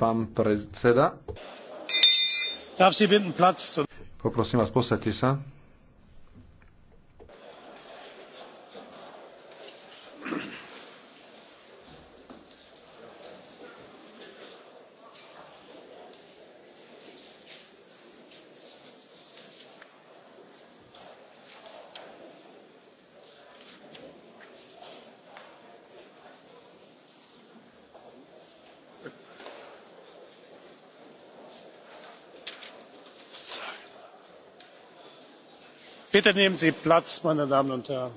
Pán predseda. Poprosím vás, posaďte sa. bitte nehmen sie platz meine damen und herren.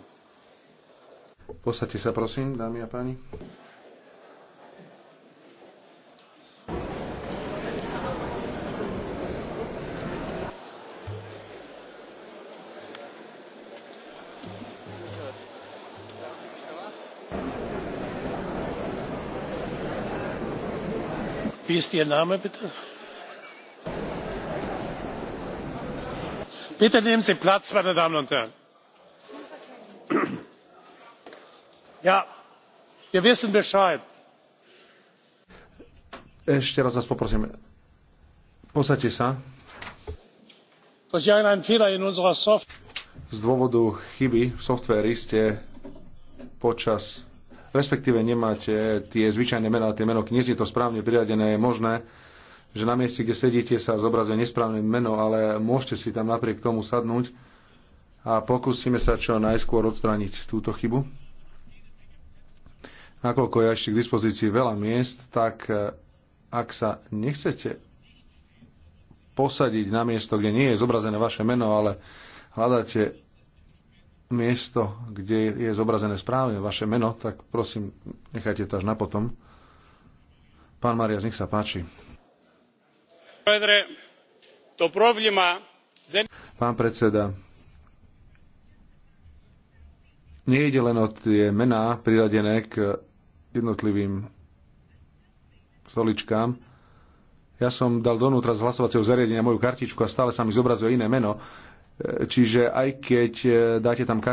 posaďte sa prosím dámy a páni. wie ist ihr name bitte? bitte nehmen sie platz meine damen und herren! ja wir wissen bescheid. ešte raz vás poprosím posaďte sa. durch irgendeinen fehler in unserer software z dôvodu chyby v softvéri ste počas respektíve nemáte tie zvyčajné mená, tie meno knižne, to správne priradené je možné že na mieste, kde sedíte, sa zobrazuje nesprávne meno, ale môžete si tam napriek tomu sadnúť a pokúsime sa čo najskôr odstrániť túto chybu. Nakoľko je ešte k dispozícii veľa miest, tak eh, ak sa nechcete posadiť na miesto, kde nie je zobrazené vaše meno, ale hľadáte miesto, kde je zobrazené správne vaše meno, tak prosím, nechajte to až na potom. Pán Marias, nech sa páči. Pán predseda, nejde len o tie mená priradené k jednotlivým stoličkám. Ja som dal donútra z hlasovacieho zariadenia moju kartičku a stále sa mi zobrazuje iné meno. E, čiže aj keď e, dáte tam kartičku,